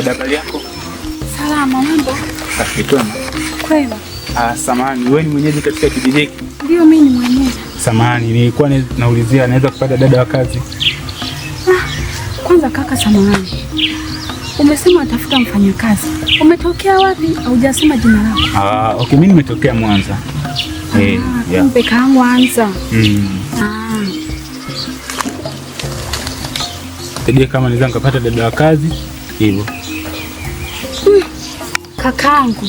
Dada, mali yako salama? Mambo safi tu. Kwema. Ah, samahani, wewe ni mwenyeji katika kijiji hiki? Ndio, mimi ni mwenyeji. Samahani, nilikuwa naulizia naweza kupata dada wa kazi? Ah, kwanza kaka, samahani, umesema atafuta mfanyakazi, umetokea wapi? Haujasema jina lako. Ah, okay, mimi nimetokea Mwanza. Ah, hey, eh, yeah. Kumbe kaa Mwanza. Mm. Ah. Sijui kama naweza nikapata dada wa kazi hivyo. Kakangu,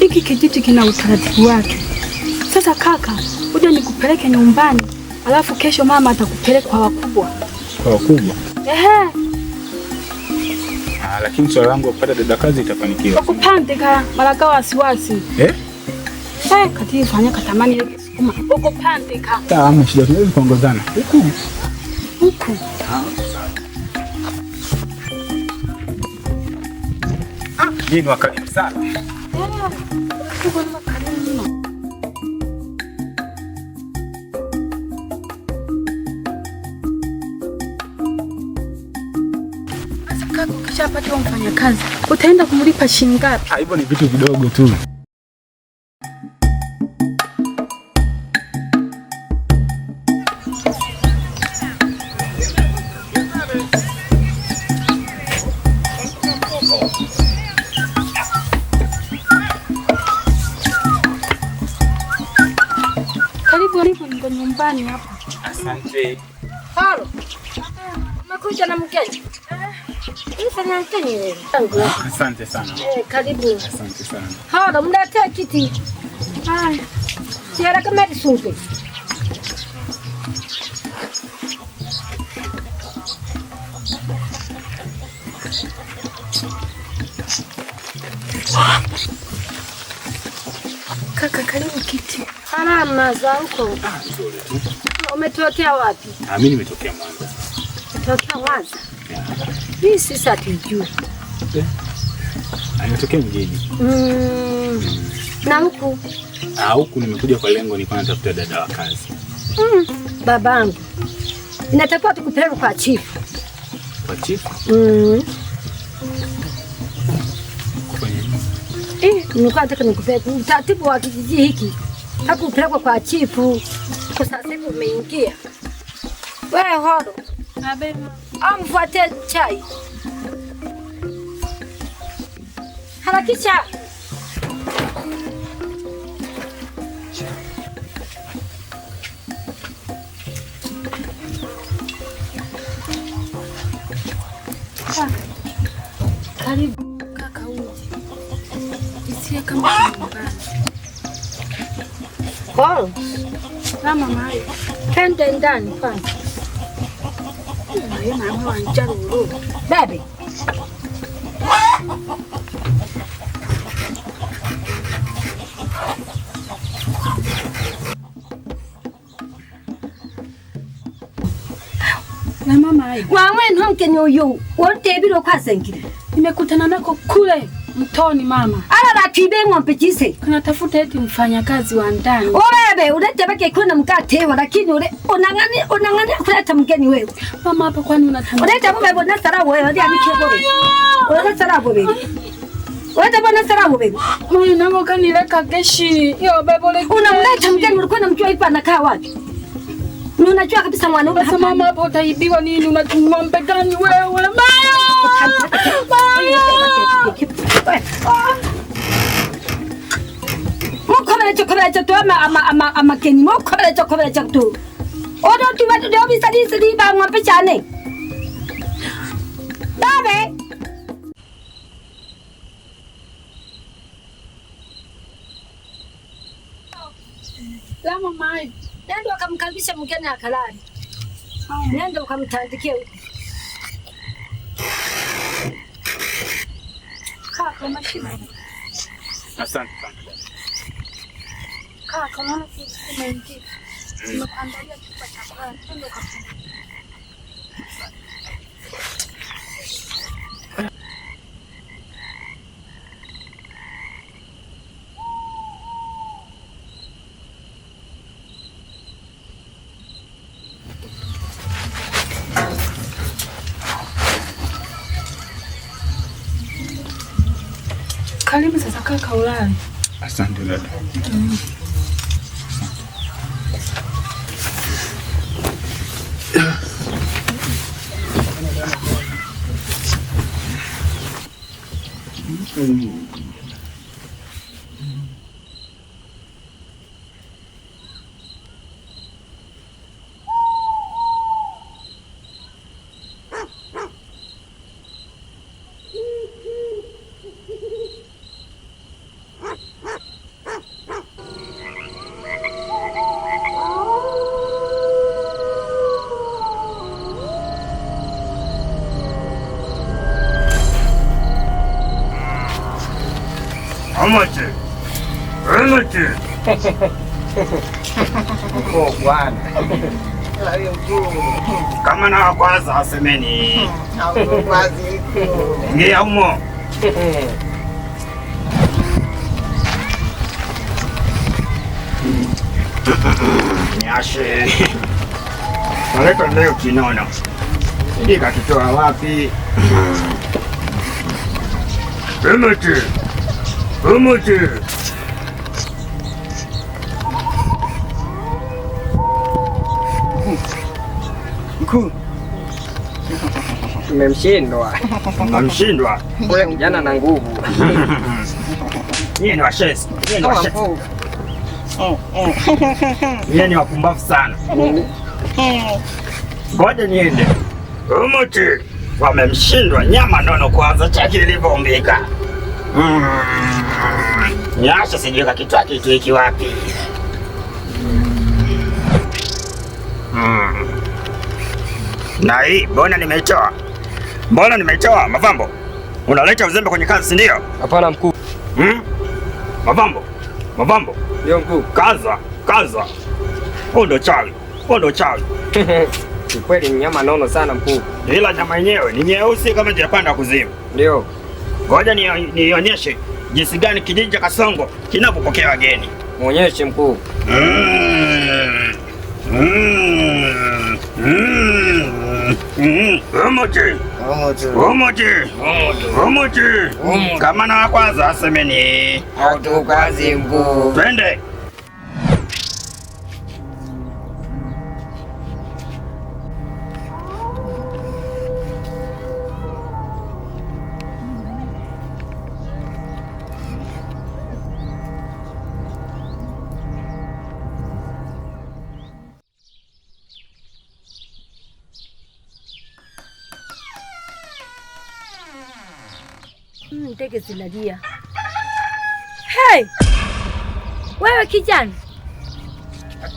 hiki kijiji kina utaratibu wake. Sasa kaka, uje nikupeleke nyumbani, alafu kesho mama atakupeleka kwa wakubwa. Kwa wakubwa? Ehe. Ah, lakini swala langu kupata dada kazi itafanikiwa. Ukupande ka maraka wasiwasi. Eh? Eh, kati fanya katamani yake sukuma. pande ka. Taama shida tunaweza kuongozana. Huku. Huku. Ah. Nyinyi ni wakarimu sana. Ukishapata mfanyakazi utaenda kumlipa shilingi ngapi? Ah, hivyo ni vitu vidogo tu. nyumbani hapa. Asante. Halo. Umekuja na mkeni? mgeni? Eh, Asante sana. Eh, karibu. Asante sana. Halo, mletee kiti. Haya. Sera kama disupe. Karibu kiti. Salama za huko. Ah, nzuri Umetokea wapi? Ah, mimi nimetokea Mwanza. Umetokea Mwanza? Mimi sisi hatujui. Eh. Nimetokea mjini. Mm. mm. Na huku? Ah, huku nimekuja kwa lengo nilikuwa natafuta dada wa kazi. Mm. Babangu. Inatakiwa tukupeleke kwa chifu. Kwa chifu? Mm. nilikuwa nataka utaratibu wa kijiji hiki, hakupelekwa kwa chifu kwa sasa hivi umeingia wewe horo chai harakisha ah. karibu Ananukia kama kama ah, mama. Pende ndani hmm, Bebe. Na mama ai. Wawe nonke ni uyu. Wote bila kwasengire. Nimekutana nako kule mtoni mama ala na latibe ng'ombe jise tafuta eti mfanyakazi wa ndani urebe uretebeke kuna mkate wa lakini ule unang'ani unang'ani kuleta mgeni wewe mama hapa kwani unatamba ureta mume bona sarabu wewe ndio anikebobe ureta sara bobe Wete bwana salamu bebe. Mimi nango leka keshi. Yo bebo le. Unamleta mgeni ulikuwa unamjua ipa anakaa wapi? Ni unajua kabisa mwana wewe. Sasa mama hapo utaibiwa nini? Unachumwa mbe gani wewe? Mbaya. koberecha to ama ama ama ama kenyi mo koberecha koberecha to odo tu watu do bi sadi sadi ba ngombe chane dabe Lama mai. Nenda ukamkaribisha mgeni akalali. Nenda ukamtandikia huko. Kaka, mashida. Asante Kanalı geçti mevki. Sınıf andalya çıkacaklar. Ben de kaptım. Karibu sasa kaka ulale. Asante dada. Mm. Mm-hmm. Hamaki. Hamaki. Oh, bwana. Kama na kwanza asemeni. Ingia humo. Nyashe. Maleta leo kinona. Sijui wapi. Hamaki. うまく Mmemshindwa, mmemshindwa huyo kijana na nguvu. Yeye ni wapumbavu sana. Ngoja niende umuti, wamemshindwa nyama nono kwanza, chaki ilivoumbika. Hmm. Nyasha kwa kitu kitu hiki wapi? Mm. Na hii mbona nimeitoa? Mbona nimeitoa Mavambo? Unaleta uzembe kwenye kazi si ndio? Hapana mkuu. Hmm? Mavambo. Mavambo. Ndio mkuu. Kaza, kaza. Pondo chali. Pondo Ni Kweli nyama nono sana mkuu. Ila nyama yenyewe ni nyeusi kama japanda kuzimu. Ndio. Ngoja nionyeshe ni jinsi gani kijiji cha Kasongo kinapopokea wageni. Muonyeshe mkuu. Kamana wa kwanza asemeni. Hatukazi mkuu. Twende. mteke silajia. Hey! Wewe kijana,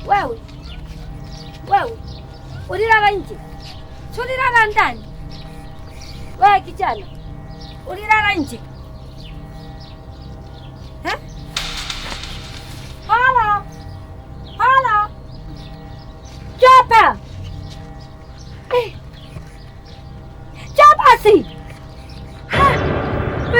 wewe wewe, ulilala nje, tulilala ndani. Wewe kijana, ulilala nje Chapa! Chapa eh! si!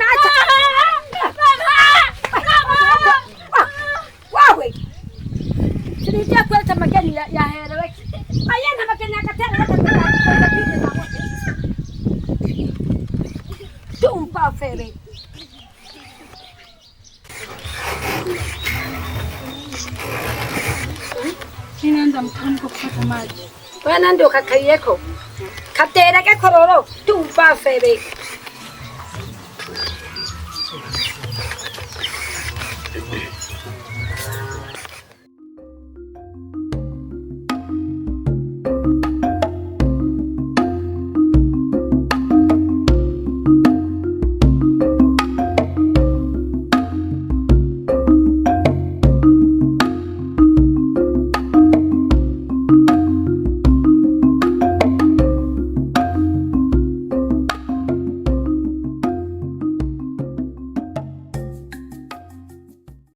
ના nenda mtoni kwa kupata maji. Wewe ndio kakai yako katereke tu bafebe